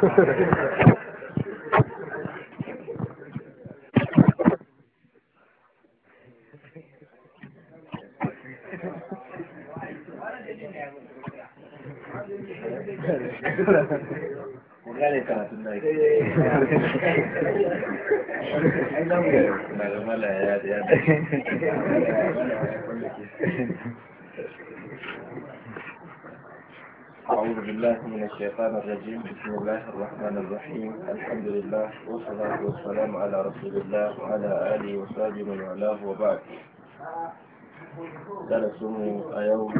gane بالله من الشيطان الرجيم بسم الله الرحمن الرحيم الحمد لله والصلاة والسلام على رسول الله وعلى آله وصحبه من والاه وبعد درسوا اليوم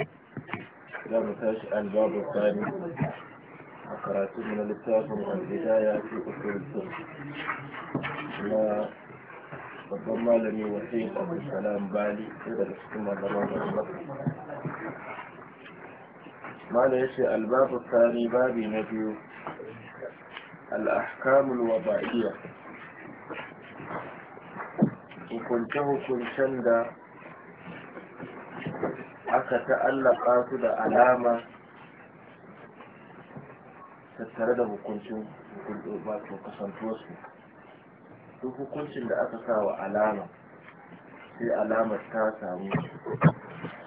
لم تش الباب الثاني وقرأت من الكتاب البداية في أصول السنة babban malami wasu abu salam bali daga cikin malaman da mala ya ce albabu babu na biyu al'ahkamul waba'iyya hukunce da aka ta'allaka su da alama tattare da hukuncin wato kasantuwarsu duk hukuncin da aka sa wa alama sai alamar ta samu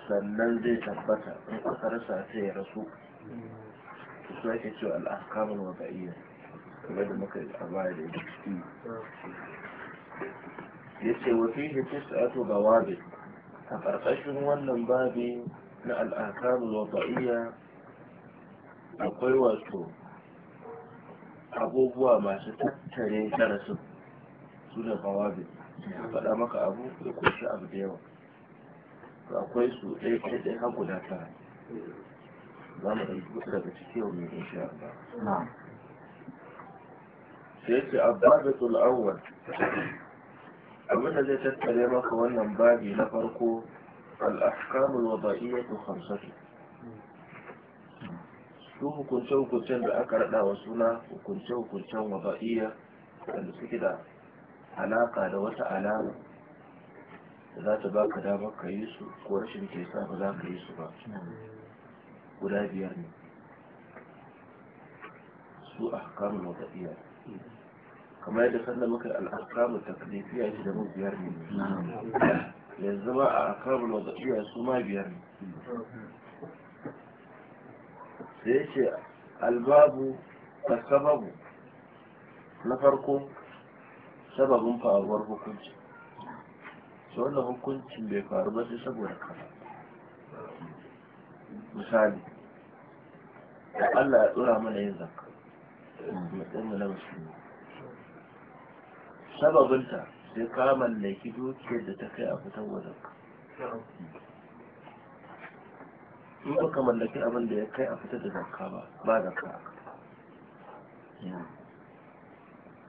sannan zai tabbata in aka rasa ya rasu su ake cewa al'akamun wada'iyya kamar da muka a baya da ya ce su ato ga wabe, a ƙarƙashin wannan babi na al'akamun iya akwai wato abubuwa masu tattare darasin su da bawabi ya faɗa maka abu ya kunshi abu da yawa to akwai su ɗaya ɗaya ɗaya har guda tara za mu ɗauki kuɗi daga ciki yau ne insha Allah sai ce abbatul awwal abin da zai tattare maka wannan babi na farko al-ahkamu al-wada'iyyatu khamsatu su hukunce-hukuncen da aka raɗa wa suna hukunce-hukuncen wada'iyya da suke da alaka da wata alama لا تباك دامك يوسف قرش من كيسا غلاك يوسف ولا يبيرني سوء أحكام الوضعية كما يدخلنا مكر الأحكام التقليدية إذا مو بيرني يزمع أحكام الوضعية سوء ما يبيرني سيش الباب تسبب نفركم سبب فأغربكم شيء su wannan hukuncin bai faru ba sai saboda kama? misali da Allah ya tsura mana yin zakka matsayin mu na musulmi sababinta sai ka mallaki dukiyar da ta kai a fitar wa ka in baka mallaki abin da ya kai a fitar da zakka ba ba zakka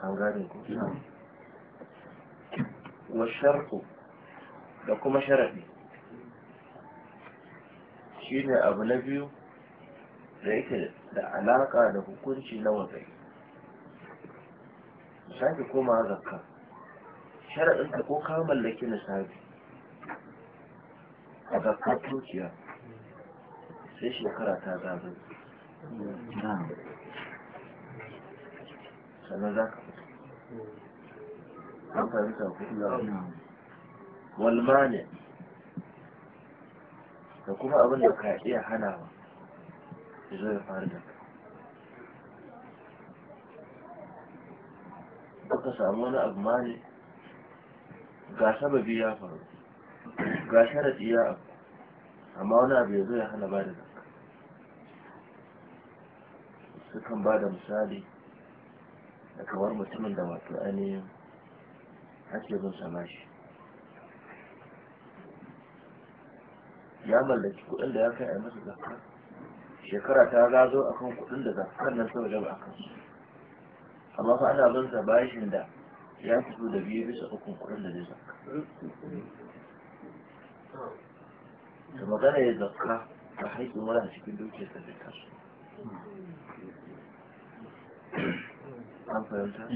an gane ko wa sharqu da kuma sharaɗi shi ne abu na biyu da yake da alaƙa da hukunci na wazai misali koma zakka sharaɗin ka ko ka mallaki nisabi a zakka dukiya sai shekara ta zaɓi sannan za ka fito an fahimta ku والمانع فكما أظن أنك إيه حلاوة يزوي فاردك أكا سأمونا أبماني قاسة بيا فرد إياه رتيا أب أمونا بيزوي حلا باردك سكم بعد مسالي أكبر مسلم دواتو أني أكبر سماشي ya mallaki kuɗin da ya kai a masa zakka shekara ta zazo kan kuɗin da zakkar nan sau gaba akan su amma fa ana bin sa bashin da ya fito da biyu bisa ukun kuɗin da zai zakka da magana ya zakka a haƙƙin wani a cikin dukiyar ta zai kasu. an fahimta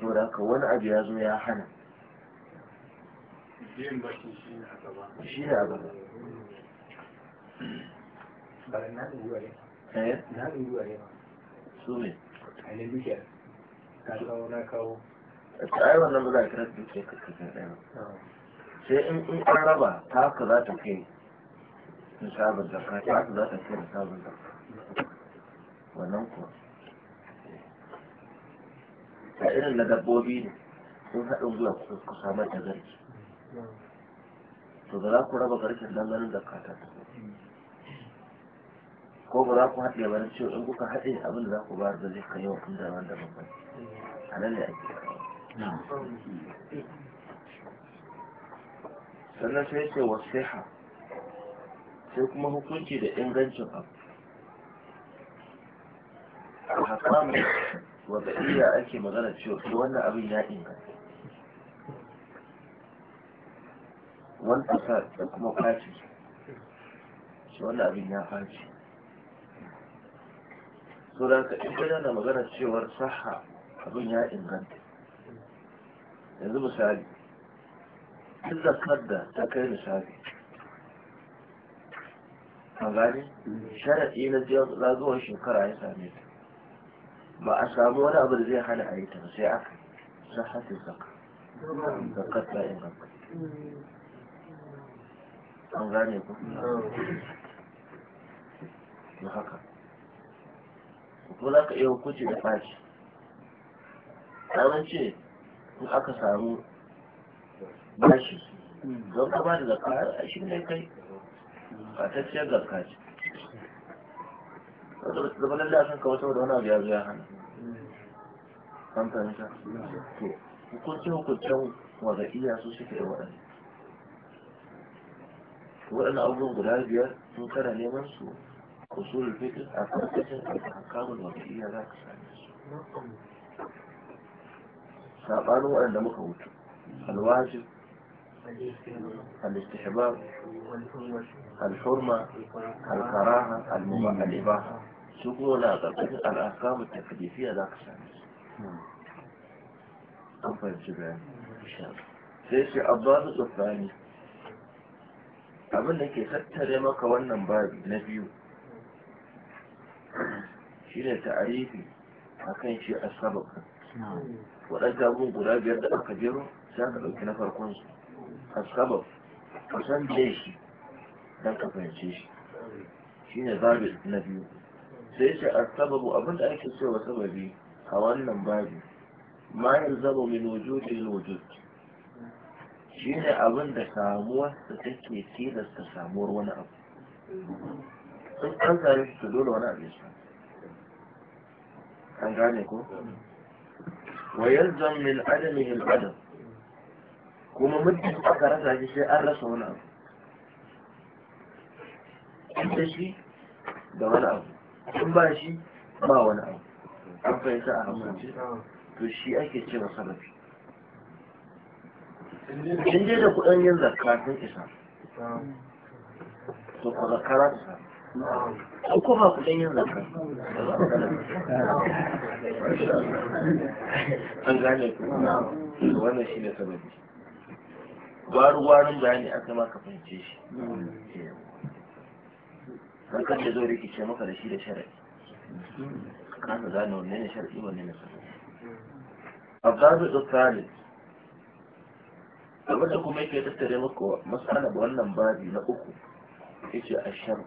saboda haka wani abu ya zo ya hana shi ne a gaba ba na ɗin gwiwa ne ne su ne a ne ka kawo na kawo wannan ba za ah. sai in raba ta haka za ta kai wannan kuwa a irin na dabbobi ne sun haɗin zuwa kusa da garki hmm. to za ku raba garkin don ganin zakka ko ba za ku haɗe ba na cewa in kuka haɗe abin da za ku ba da zai kai wa kun daban daban ba a nan ne ake kawo sannan sai ce wasiha sai kuma hukunci da ingancin abu a hakamu wata iya ake magana cewa sai wannan abin ya inganta wani ƙasa da kuma kaci shi wannan abin ya kaci so da ka in kana magana cewar saha abin ya inganta yanzu misali duk da da ta kai misali a gani sharaɗi na zagawar shekara ya same ta ba a samu wani abu da zai hana a yi ta sai aka Saha sahatin zaka zakar ta inganta an gane ku haka ko za ka iya hukunci da fashi an in aka samu bashi don ka ba da zakka a shi ne kai a ta zakka ce wanda ba su zama lalle a kan kawo saboda wani abu ya zo ya hana an fahimta to hukunce hukuncen wanda iya su suke da waɗanda waɗannan abubuwan guda biyar sun kara neman su usul fiqh a karkashin al-ahkamul waqiyya za ka same su waɗanda muka wuce al-wajib al-istihbab al-hurma al-karaha al-mubah al-ibaha su kuma na karkashin al-ahkamul taklifiyya za ka same sai shi ke tattare maka wannan babi na biyu shi ne ta'arifi akan shi a sabab waɗanda abun guda biyar da aka jero sai aka ɗauki na farkon su a sabab kusan da shi don ka fahimce shi shi ne zabi na biyu sai shi a sababu abinda ake so cewa sababi a wannan babi ma yalzamu min wujudil wujud shi ne abinda da samuwar da take tilasta samuwar wani abu in an sare shi dole wani abin shi an gane ko wa yalzam min adamihi al-adam kuma muddin aka rasa shi sai an rasa wani abu In ita shi da wani abu in ba shi ba wani abu an fahimta a hankali to shi ake ce wa salafi in dai da kudin yin zakka sun isa to ku zakka za ta samu ko ba ku dan yin zakka an gane ku wannan shine sanadi gwaru gwarun bayani aka maka fahimce shi kan da zo rikice maka da shi da shari'a kana gane wanne ne shar'i wanne ne sanadi abdalu tsari da kuma yake tattare maka masana wannan babi na uku yace a shar'i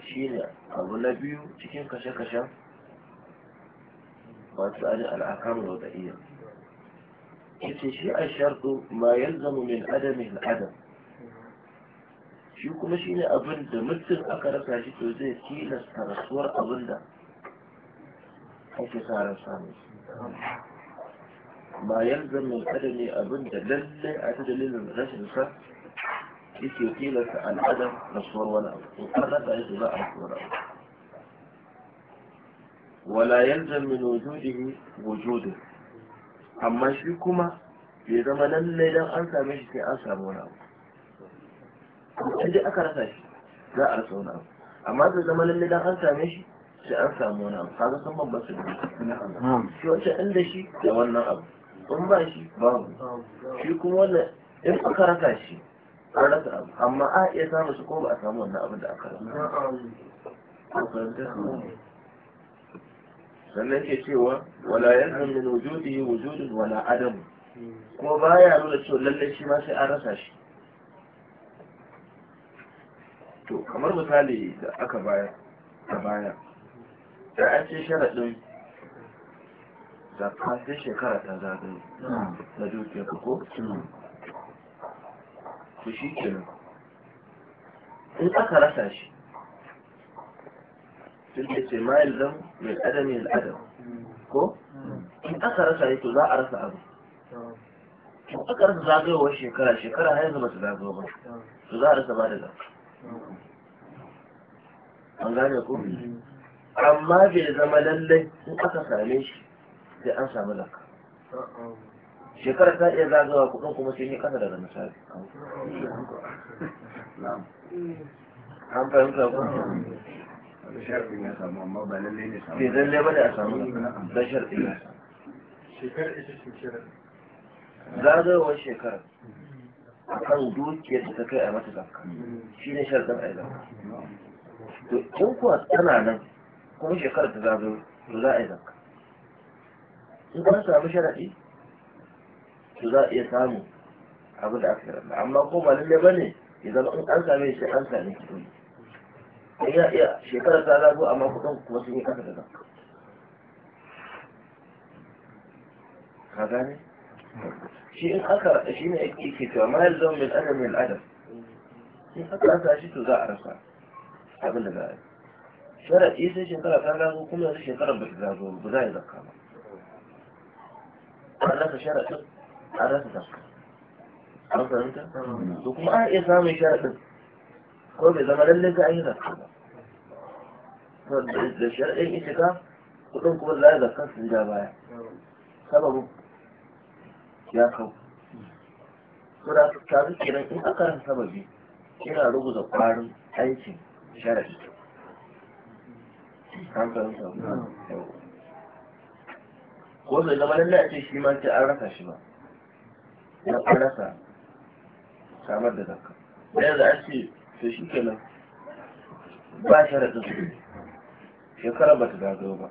شيل أبو النبي تكين كشا كشا وأسأل الأحكام الوضعية كتشيء الشرط ما يلزم من عدمه العدم شو كما شيل أبو النبي مثل أكرك عشي من عدمه أبو لكي يقيل عن عدم نصر ولا وقال لا يجب ولا ولا يلزم من وجوده وجوده أما شكما في زمن الليل أنسى مش في أنسى ولا أنت أكرت لا أرسل ولا أما في زمن الليل أنسى مش في أنسى ولا هذا ثم بس نعم شو أنت شيء يا ولا أبو أم باشي بابو نعم. شكما ولا إن أكرت amma a iya samu su ko ba a samu wannan abin da aka rasa sannan ke cewa wala yalzam min wujudihi wujudun wala adam ba ya nuna cewa lallai shi ma sai an rasa shi to kamar misali da aka baya a baya da an ce sharaɗin zakka sai shekara ta zagaye na dukiyar ko shi kenan in aka rasa shi sun da ce ma zan mai adam yin adam ko in aka rasa yi to za a rasa abu in aka rasa zagayowar shekara shekara har yanzu ba su zagayowa ba to za a rasa ba da za an gane ko amma bai zama lallai in aka same shi sai an samu zaka shekarar ta iya zagawa kuɗin kuma sun yi kasa daga misali an fahimta ku sharfin ya samu amma ke zalle ba da a samu da sharfin ya samu shekarar ita shekarar zagawar shekarar a kan dukiyar da ta kai a mata zakka shi ne sharfin a yi zakka to in kuwa tana nan kuma shekarar ta zagayo to za a yi zakka in kuma samu sharaɗi Su za a iya samu abu da aka rasa amma ko ba lalle bane ya zama an same shi an same shi kuɗi in ya iya shekara ta zago amma kuɗin kuma sun yi kasa da zaka ka gane shi in aka shi ne yake cewa ma yanzu zama min adam min adam in aka rasa shi to za a rasa abin da za a yi sharaɗi sai shekara ta zago kuma yanzu shekara ba ta zago ba za a yi zakka ba an rasa sharaɗin an rasa ta an fahimta to kuma an iya samun sharaɗin ko bai zama lallai ka an yi zakka ba da sharaɗin itika kuɗin kuma za a zakka su ja baya Sababu ya kau to da ta fi kiran in aka ran sababi yana rubuta ƙwarin aikin sharaɗi an fahimta ko bai zama lallai a ce shi ma ta an rasa shi ba ya karasa samar da zakka da yanzu an ce to shi kenan ba shi sharaɗin su shekara ba ta zagayo ba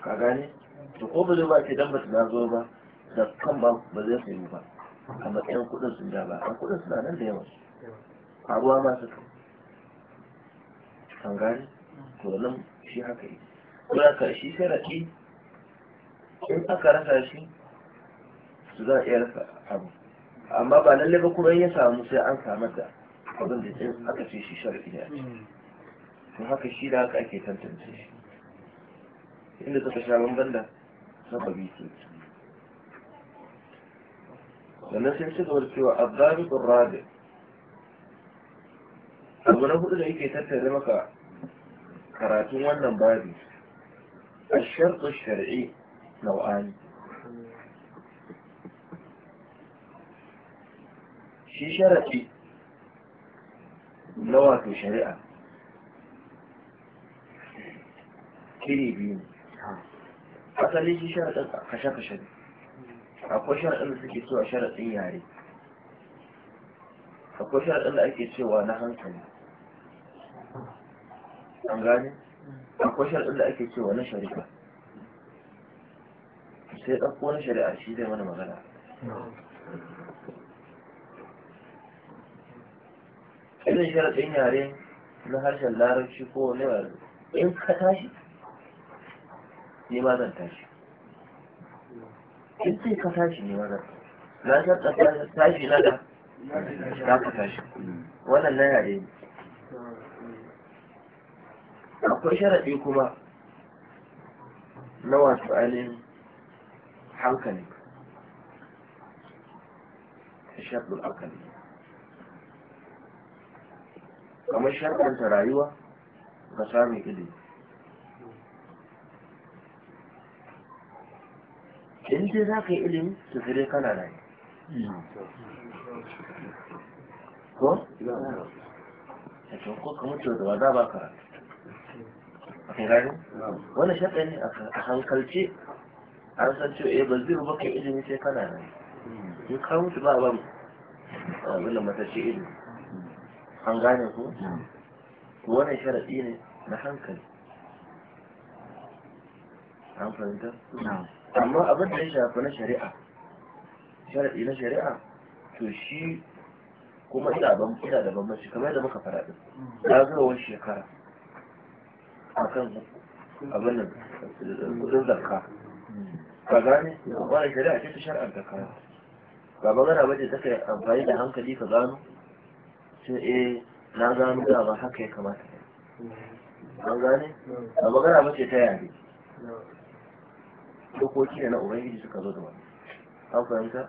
ka gane to ko ba zai ba ce dan ba ta zagayo ba zakkan ba ba zai sayu ba a matsayin kuɗin sun ja ba a kuɗin suna nan da yawa faruwa ma su kan gane to nan shi haka yi. Kuma ka shi sharaɗi in aka rasa shi su za a iya rasa abu amma ba lalle ba kuma ya samu sai an samu da abin da tsayin aka ce shi shar'i ne a ciki hmm. haka shi da haka ake tantance shi inda suka sha bamban da sababi ce sannan sai ci gaba da cewa abdabi rabi abu na hudu da yake tattare maka karatun wannan babi الشرط الشرعي نوعان shi sharafi na wato shari'a kiri biyu asali shi sharaɗin kashe-kashe ne akwai sharaɗin da suke cewa sharaɗin yare akwai sharaɗin da ake cewa na hankali an gane akwai sharaɗin da ake cewa na shari'a sai ɗauko na shari'a shi zai mana magana irin sharaɗin yare na harshen larabci ko wani yare in ka tashi ne ma zan tashi in sai ka tashi ne ma zan na sharaɗa tashi na da za ka tashi wannan na yare ne akwai sharaɗi kuma na wasu ainihin hankali shaɗin hankali kamar sharɗanta rayuwa ga samun ilimi in dai za ka yi ilimi to sai kana rayu ko? a ce ko kamar ce da za ba ka a rayu wani shaɗa ne a hankalce an san cewa eh ba zai ilimi sai kana rayu in ka mutu ba ba mu a wani matacce ilimi an gane ko to wannan sharaɗi ne na hankali an fahimta amma abin da ya shafi na shari'a sharaɗi na shari'a to shi kuma ina ban ina da bambanci kamar yadda muka fara din wani shekara akan abin nan kudin zakka ka gane wani shari'a ce ta shari'ar ka ba magana bace take amfani da hankali ka gano ce eh na gano da ba haka ya kamata an gane a magana mace ta yare dokoki ne na ubangiji suka zo da wani an fahimta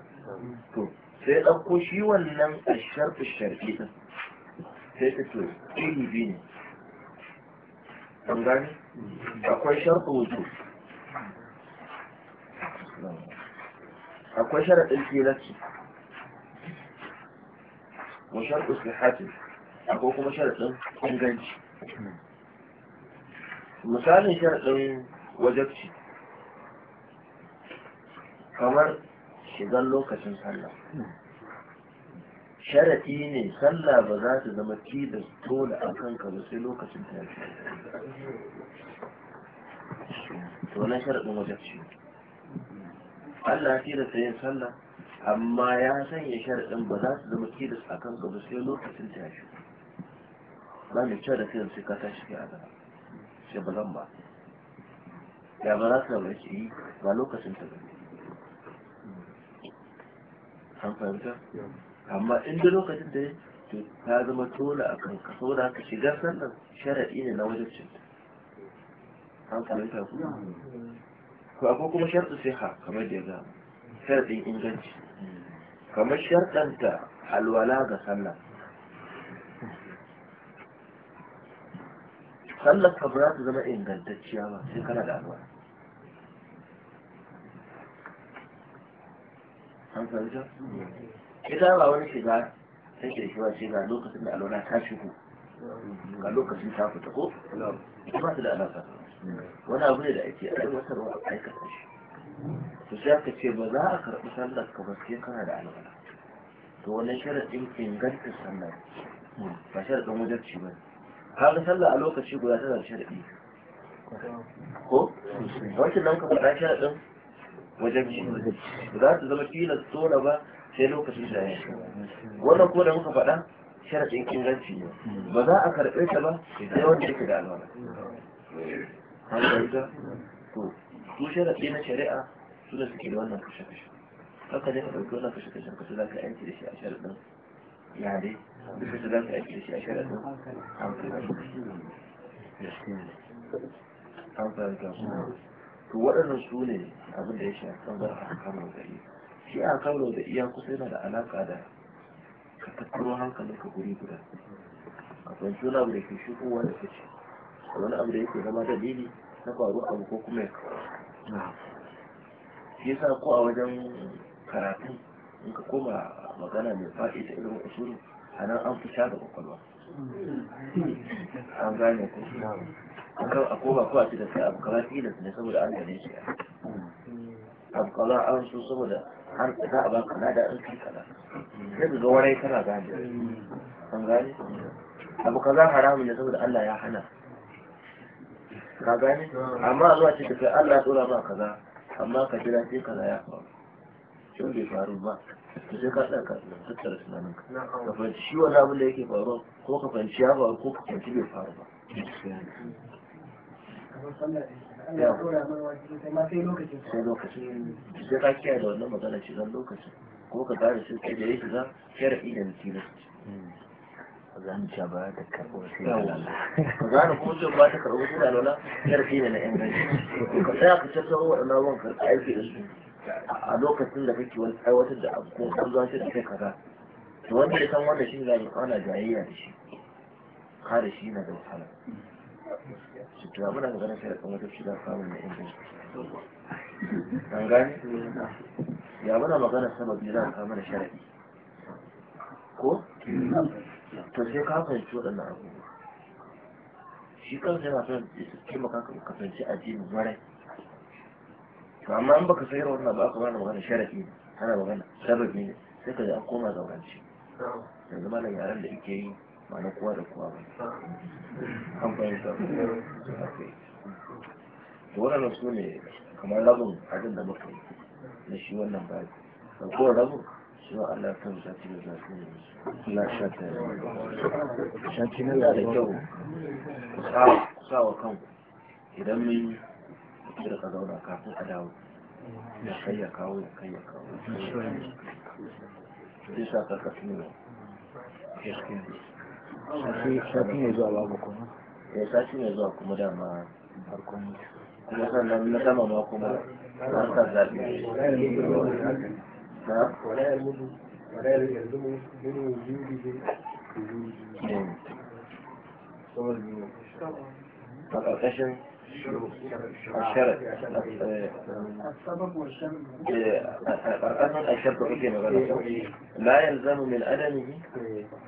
to sai ɗauko shi wannan a sharfi sharfi ɗin sai ta to iri biyu ne an gane akwai sharfi wuce akwai sharaɗin filarci wa sharɗu sihhati akwai kuma sharɗin inganci misalin sharɗin wajabci kamar shigar lokacin sallah sharaɗi ne sallah ba za ta zama tilas dole a kanka ba sai lokacin ta to na sharaɗin wajabci Allah ya tilasta yin sallah amma ya sanya sharaɗin ba za su zama tilas a kan gaba sai lokacin ta shi ba mai cewa da kai sai ka tashi ke a gaba sai ba zan ba ya ba za su zama ce yi ba lokacin ta gani an fahimta amma in da lokacin da ta zama tola a kan ka saboda ka shiga sannan sharaɗi ne na wajen cinta an fahimta ku ko akwai kuma sharɗin sai ha kamar da ya gama sharaɗin inganci kamar sharɗanta alwala ga sallah sallar ka ba ta zama ingantacciya ba sai kana da alwala an fahimta ita ba wani shiga sai ke shiga shiga lokacin da alwala ta shigo ga lokacin ta fita ko ita ba ta da alaƙa wani abu ne da ake aiwatarwa aikata shi to sai ka ce ba za a karɓi sallar ka ba sai kana da alwala to wannan sharaɗin ingantar sallar ba sharaɗin wajarci ba kaga sallar a lokaci guda tana da sharaɗi ko wancan nan ka faɗa sharaɗin wajarci ba za ta zama kila tsora ba sai lokacin da ya wannan ko da muka faɗa sharaɗin inganci ne ba za a karɓe ta ba sai wanda yake da alwala to su sharaɗi na shari'a su da suke da wannan kashe-kashe haka ne ka ɗauki wannan kashe-kashen ka su za ka yanki da shi a sharaɗin yare da su za ka yanki da shi a sharaɗin hankali da shi. to waɗannan su ne abin da ya shi a kan zarfa a kamar gari shi a kamar da iya kusa yana da alaƙa da ka tattaro hankalin ka guri guda a fahimci wani abu da ke shigowa da kace wani abu da yake zama dalili na faruwa abu ko kuma ya kawo shi yasa ko a wajen karatu in ka koma magana mai faɗi ta irin usulu a nan an fita da kwakwalwa an gane ko akan a koma ko a ci da sai abu kaza tilas ne saboda an gane shi abu kaza an so saboda har za a baka na da an fi kaza sai ka ga warai tana gane an gane abu kaza haramun ne saboda Allah ya hana ka gane amma a zuwa ce ka sai Allah ya dora ba kaza amma ka jira sai kaza ya faru shi bai faru ba to sai ka tsaka da tattara tunanin ka ka fahimci shi wani abin da yake faruwa ko ka fahimci ya faru ko ka fahimci bai faru ba sai lokacin sai ka kiyaye da wannan magana shi zan lokacin ko ka gane shi, sai da ya za, kera da tilas zan ci ba ta karɓo sai da lalla zan kuma ce ba ta karɓo sai da lalla karfi ne na yan gaji ka tsaya ka tattaro waɗannan ruwan karɓa aiki da su a lokacin da kake wani aiwatar da abu ko kan zuwa shi da kai kaza to wanda ya san wanda shi zai kauna jayayya da shi kare shi na da wahala shi to abin da ka gane sai da kuma tafi da samun na yan kan gane ya muna magana sababi za a samu da sharaɗi ko to sai ka fahimci waɗannan abubuwa shi kansa yana son taimaka ka kasance a jini marai to amma an baka sayar wannan ba aka bana magana sharafi ne ana magana sarrafi ne sai ka ji an koma zaurance yanzu ma nan yaren da ake yi ba na kowa da kowa ba an fahimta to wannan su ne kamar rabin abin da muka yi na shi wannan ba ko kowa rabin وعلى توزة الزكية لا شك شك نلا لكو ساوى كم إذا من kira ka zauna kafin a dawo ya kai ya kawo ya kai ya kawo zai sa ka kafi ne shafi ne zuwa babu kuma ya eh, sashi ne zuwa kuma dama farkon kuma sannan na sama ma kuma an sa نعم. ولا يلزم ولا يلزم من وجوده وجوده الشرط السبب لا يلزم من أدمه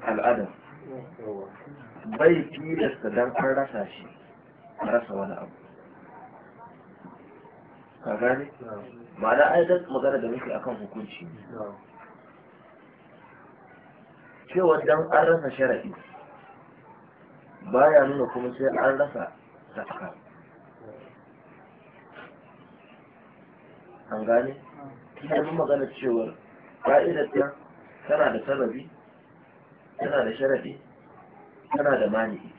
العدم بيتي tilasta don an rasa shi a rasa ma'ana ai da magana da muke akan hukunci cewa dan an rasa shara'i baya nuna kuma sai an rasa zakka an gane mun magana cewar ka'idar ta tana da sababi tana da sharadi tana da mani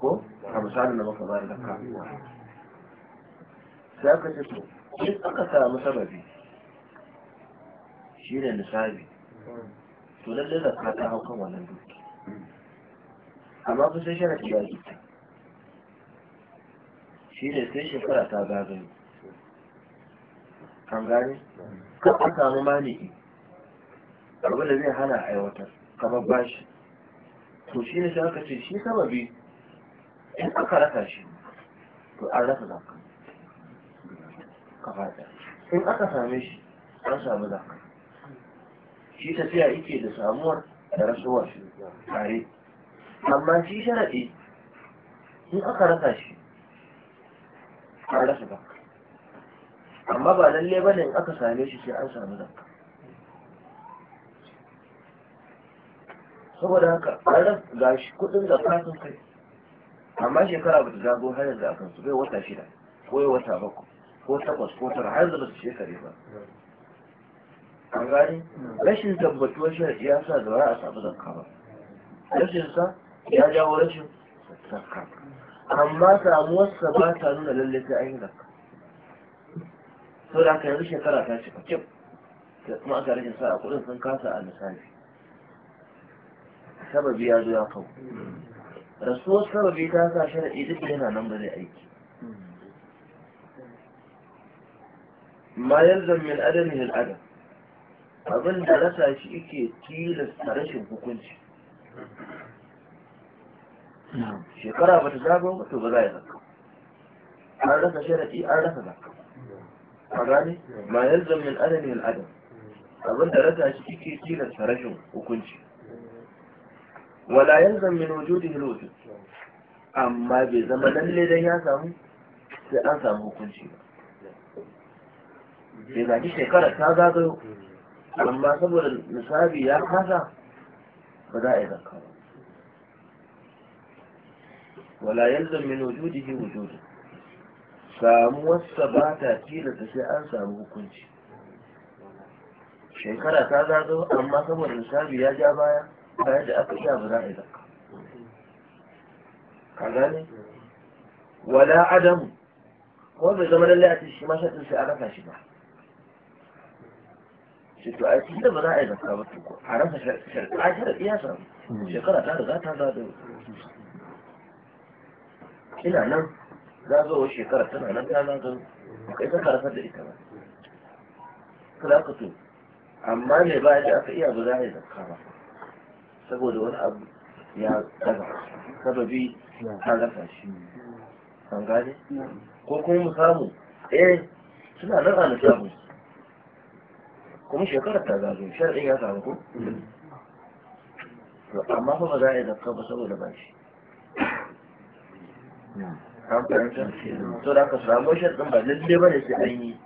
ko a misalin da muka bayar da ka sai aka ce to in aka samu sababi shi ne nisabi to lallai zakka ta hau kan wannan duki amma fi sai sharaɗi ya gita shi ne sai shekara ta gagayo an gane kan an samu maliki abinda zai hana aiwatar kamar bashi to shi ne sai aka ce shi sababi in aka raka shi to an rasa zakka gaba ɗaya in aka same shi an samu zaka shi tafiya yake da samuwar da shi tare amma shi sharaɗi in aka rasa shi an rasa zaka amma ba lalle bane in aka same shi sai an samu zaka saboda haka an rasa gashi kuɗin da sun kai amma shekara ba ta zago har yanzu akan su bai wata shida ko wata bakwai ko takwas ko tara har da su shekare ba an gani rashin tabbatuwar shahadi ya sa da ba a samu zakka ba rashin sa ya jawo rashin zakka amma samuwarsa ba ta nuna lallai sai an yi zakka sau da aka yanzu shekara ta cika kyau da kuma aka rashin sa a kudin sun kasa a misali sababi ya zo ya kawo rasuwar sababi ta sa sharaɗi duk yana nan ba zai aiki ma yalzam min adamihi al-adam abin da rasa shi yake tilasta rashin hukunci shekara ba ta zagon ba za ya zaka an rasa sharaɗi an rasa zaka a gane ma yalzam min adamihi al-adam abin da rasa shi yake tilasta rashin hukunci wala yalzam min wujudihi al-wujud amma bai zama lalle dan ya samu sai an samu hukunci ba bai gaji shekara ta zagayo amma saboda nisabi ya kasa ba za a yi zarka ba wala yanzu min wujudihi wujudu wasu ba ta tilasta sai an samu hukunci shekara ta zagayo amma saboda nisabi ya ja baya bayan da aka sha ba za a yi zarka ka gane wala adamu ko bai zama lallai a cikin shi ma sai a rasa shi ba ce to ai tunda ba za a yi zakka ba to a rasa shari'a shari'a ya samu hmm. shekara ta riga ta zaga ina nan za zo wa shekara tana nan ta zaga kai ka karasar da ita ba Ka kada ka to amma me ba da aka iya ba za a yi zakka ba saboda wani abu ya gaza sababi ta gasa shi an gane hmm. ko kuma mu samu eh suna nan a nasabu kuma shekarar ta zazo shar'i ya samu ku to amma fa ba za a yi zakka ba saboda ba shi an fahimta to da aka samu sharɗin ba lalle ba ne sai an yi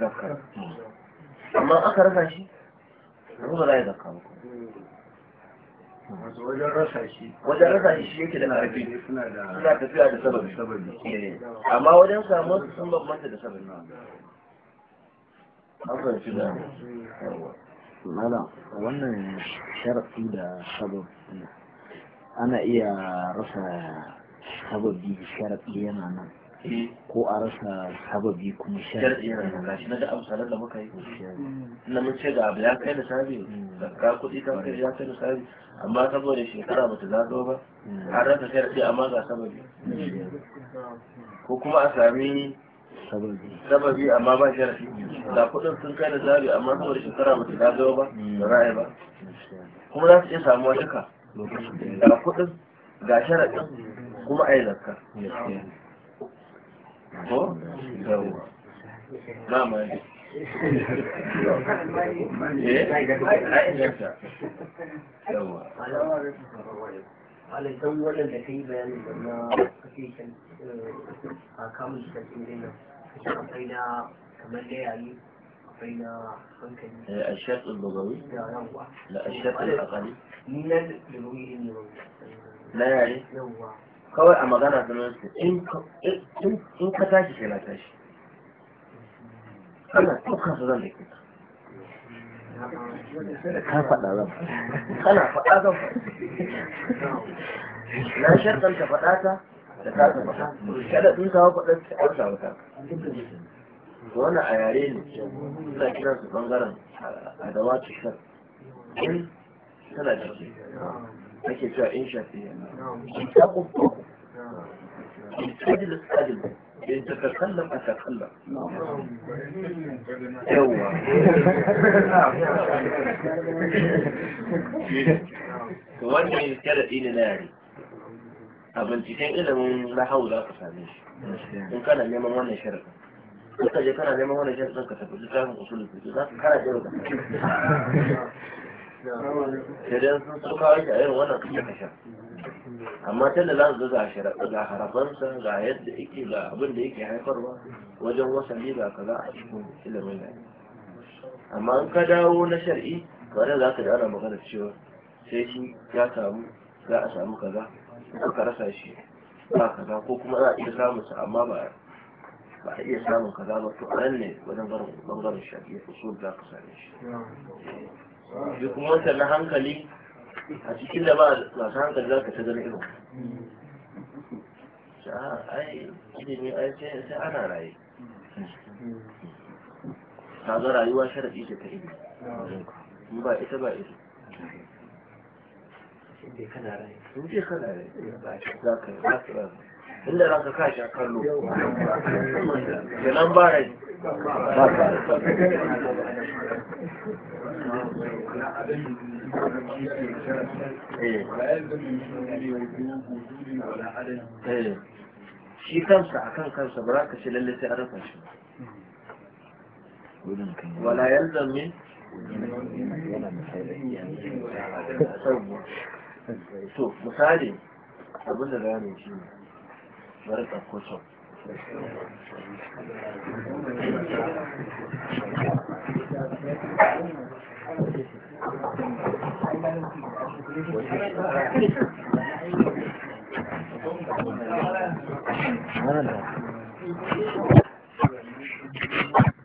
zakka amma aka rasa shi kuma ba za a yi zakka ba wajen rasa shi yake da harfi suna tafiya da sababi amma wajen samun sun bambanta da sababi hakan shi da malam wannan sharafi da sabab ana iya rasa sababi sharafi yana nan eh. ko a rasa sababi kuma sharafi yana nan gashi na da amsalar da muka yi na mun ce ga abu ya kai da sabi kuɗi ta kai ya kai da sabi amma saboda shekara bata zazo ba hmm. an rasa sharafi amma ga sababi hmm. ko kuma a sami sababi amma ba sharafi da kudin sun kai da zari amma saboda shekara ba ta zagayo ba da ra'ayi ba kuma za su iya samuwa duka da kudin ga sharaɗin kuma a yi zarka ko eh? da na kan eh, a kamar da yayi akwai na hankali الشرط اللغوي لا الشرط العقلي لا يعني kawai a magana zaman su in ka tashi sai na tashi ana tukan su zan da kita ka faɗa zan kana faɗa zan na shirkan ta faɗa ta da ta faɗa kada in kawo faɗa ta ta faɗa زون عيارين ساكنة في بنغرة أدوات كثير كل سنة جديدة هكي شو عيشة فيها تقوم تقوم تجل تجل انت تتكلم اتكلم ايوة كمان ما يتكلم اين ناري أبنتي كان إلا من لا حول أقصى إن كان اليوم ما نشرب suka je kana neman wani jinsin ka tafi littafin usulun fiƙi za ka kana jero da idan sun so kawo shi a yin wannan kashe kashe amma ta da za ga ga harafansa ga yadda yake ga abin da yake haifarwa wajen wasali ga kaza a cikin ilimin da amma in ka dawo na shar'i kwanan za ka da ana magana cewa sai shi ya samu za a samu kaza ko ka rasa shi ba kaza ko kuma za a iya samun sa amma ba بعدين سلام القذار وتقلني ونظر نظر الشافعي في صور باقي سالش. بكمان سنة هم كلي هذي كل ما لا سنة كذا كتدل إله. شاء أي كذي مي أي شيء سأنا رأي. هذا رأي واشر إيجا كريم. مبا إيه تبا أيوة نعم. إيه. دي خلاص. دي خلاص. inda za ka kashi a kallo kenan ba rai eh. Eh. shi kansa a kan kansa ba za ka ce lalle sai an shi wala yalzam min so misali abinda za mu shi ne bari ka kusa Thank you.